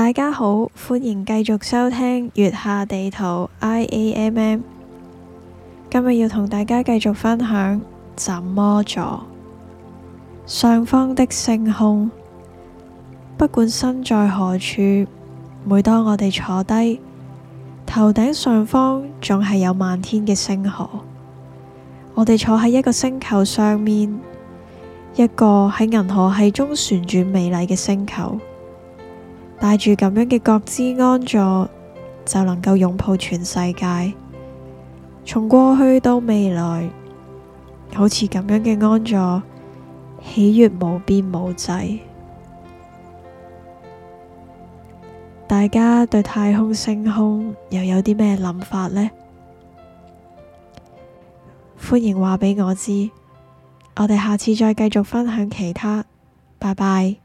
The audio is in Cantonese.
大家好，歡迎繼續收聽月下地圖 I A M M。今日要同大家繼續分享，怎麼坐上方的星空。不管身在何處，每當我哋坐低，頭頂上方總係有漫天嘅星河。我哋坐喺一個星球上面，一個喺銀河系中旋轉美麗嘅星球。帶住咁樣嘅覺知安坐，就能夠擁抱全世界，從過去到未來，好似咁樣嘅安坐，喜悅無邊無際。大家對太空星空又有啲咩諗法呢？歡迎話畀我知，我哋下次再繼續分享其他。拜拜。